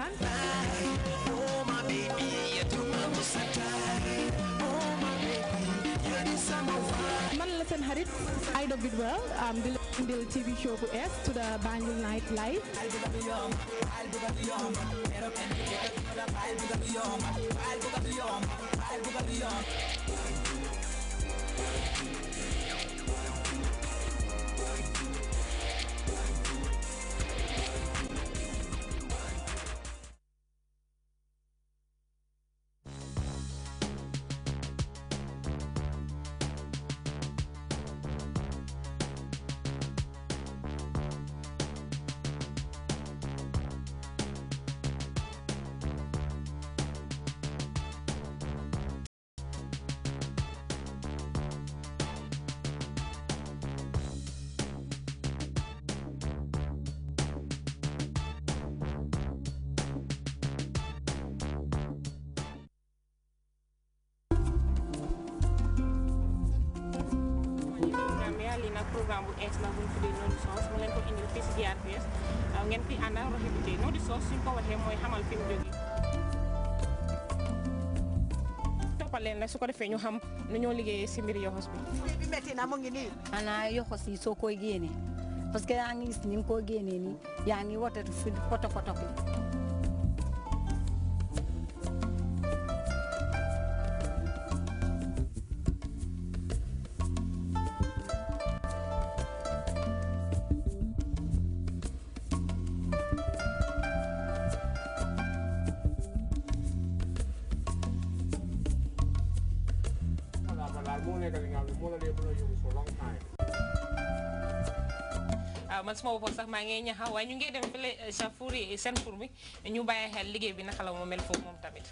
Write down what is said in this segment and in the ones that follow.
man la seen xarit well. I'm the indil TV show S to the Banjul Night Live programme bu ees ko indil fii si GRTS ngeen fi ko waxee su ko defee ñu xam nu ñoo liggéeyee si mbir soo koy génnee parce que yaa ngi ni nga koo génnee yaa ngi wotatu man suma bopp sax maa ngi ñaxa waaye ñu ngi dem a sa fuur yi seen fuur bi ñu bàyyi xel liggéey bi naka la mu mel foofu moom tamit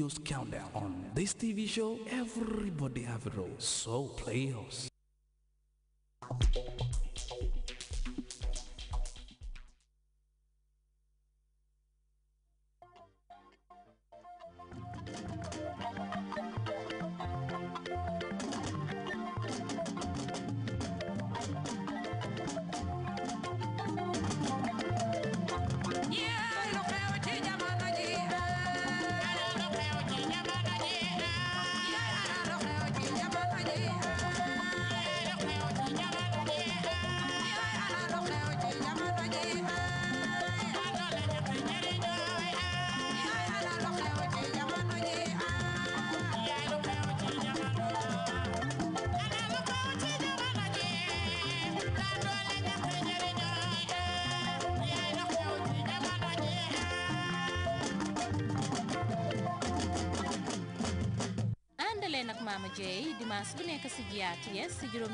Studios Countdown. On this TV show, everybody have a role, so play us. tey nag Mama Dieye dimanche ma déglu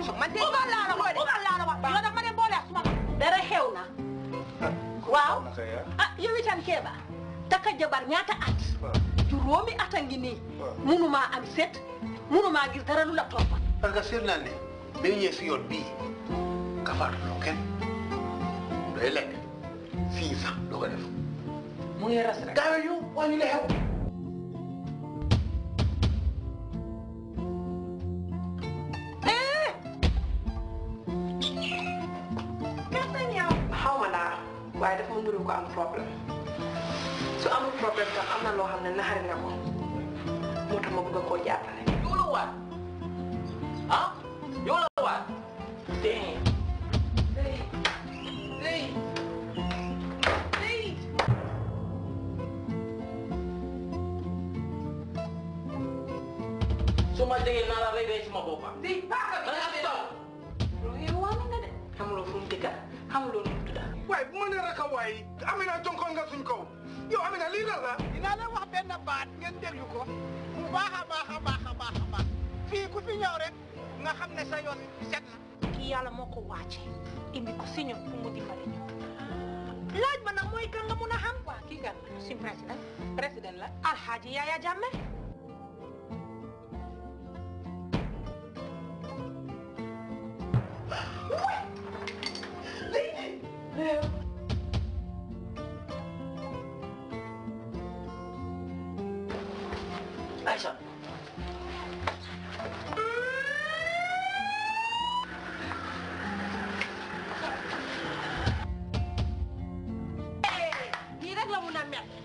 ma man laa la wax ugal laa la wax yow dama dara xew na waaw ah yow itam keeba takka jabar ñaata at juróomi at a ngi nii munumaa am set munumaa gis dara lu la toppat parce que naa ne bi ñu si yoon kafar, kafaatuloo kenn mu doy lekk fii sax doo ko def mu ngi ras rek gaawee ñu waa ñu lay waaye dafa mën ko am problème su amul problème tam am na loo xam ne naxari na ko moo tax ma bëgg koo jàppale loolu waat su ma déggee naa la rey rey suma boppam. di paaka bi nga xam loolu yow waa nga de. xamuloo fu mu dëkka xamuloo nu mu tudda. waaye bu ma nee rek a waay Amina jonkoon nga suñ kaw yow Amina lii lan la. dinaa la wax benn baat ngeen déglu ko mu baax a baax a baax a baax a baax fii ku fi ñëw rek nga xam ne sa yoon set na. kii yàlla moo ko wàcce indi ko si ñun pour mu dimbali ñu. laaj ma nag mooy kan nga mun a xam. waa kii kan suñ président président la. Alhaji Yaya Jammeh.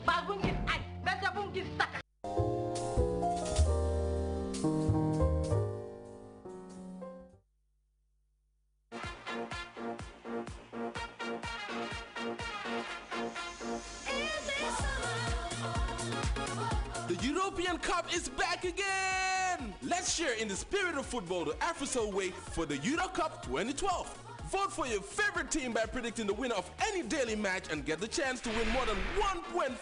The European Cup is back again! Let's share in the spirit of football the AfroCell way for the Euro Cup 2012. Vote for your favorite team by predicting the winner of any daily match and get the chance to win more than $1.5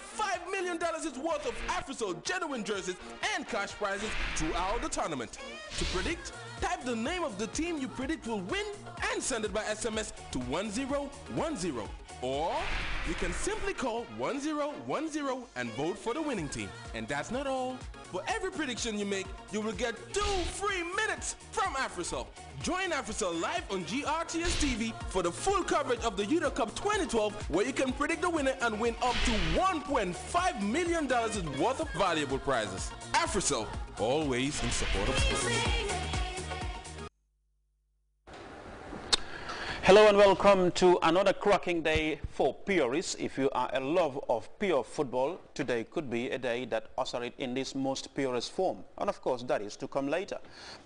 million worth of AfriSoul genuine jerseys and cash prizes throughout the tournament. To predict, type the name of the team you predict will win and send it by SMS to 1010. Or you can simply call 1010 and vote for the winning team. And that's not all. For every prediction you make, you will get two free minutes from AfriCell. Join AfriCell live on GRTS TV for the full coverage of the Euro Cup 2012 where you can predict the winner and win up to $1.5 million worth of valuable prizes. AfriCell, always in support of sports. Hello and welcome to another cracking day for purists. If you are a lover of pure football, today could be a day that utters it in this most purest form. And of course, that is to come later.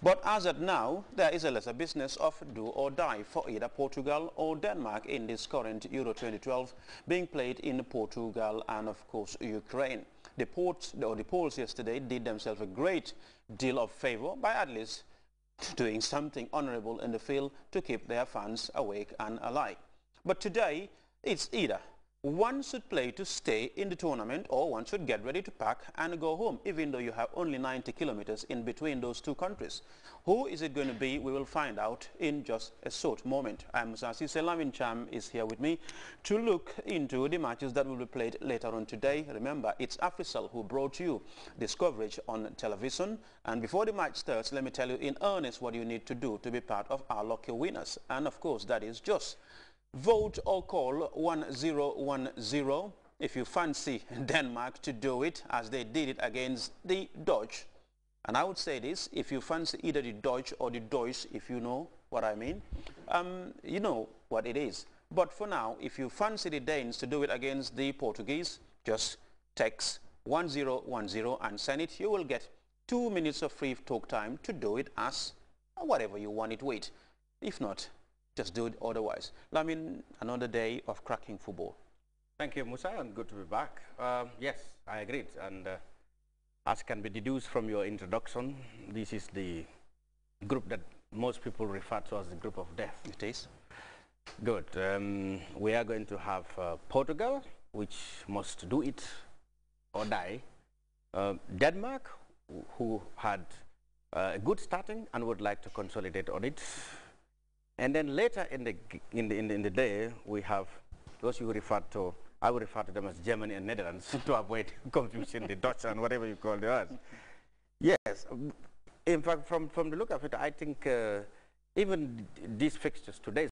But as at now, there is a lesser business of do or die for either Portugal or Denmark in this current Euro 2012 being played in Portugal and of course Ukraine. The, ports, or the polls yesterday did themselves a great deal of favor by at least doing something honorable in the field to keep their fans awake and alive. But today, it's either one should play to stay in the tournament or one should get ready to pack and go home, even though you have only 90 kilometers in between those two countries. Who is it going to be? We will find out in just a short moment. I'm Musasi Selamin Cham is here with me to look into the matches that will be played later on today. Remember, it's Africell who brought you this coverage on television. And before the match starts, let me tell you in earnest what you need to do to be part of our lucky winners. And of course, that is just Vote or call 1010 if you fancy Denmark to do it as they did it against the Dutch. And I would say this, if you fancy either the Dutch or the Deutsch, if you know what I mean, um, you know what it is. But for now, if you fancy the Danes to do it against the Portuguese, just text 1010 and send it. You will get two minutes of free talk time to do it as whatever you want it with. If not, just do it otherwise. I mean, another day of cracking football. Thank you, Musa, and good to be back. Um, yes, I agreed. And uh, as can be deduced from your introduction, this is the group that most people refer to as the group of death. It is. Good. Um, we are going to have uh, Portugal, which must do it or die. Uh, Denmark, who had uh, a good starting and would like to consolidate on it. And then later in the, in the, in the, in the day, we have those you refer to, I would refer to them as Germany and Netherlands to avoid confusion, the Dutch and whatever you call the others. Yes, in fact, from, from the look of it, I think uh, even these fixtures, today.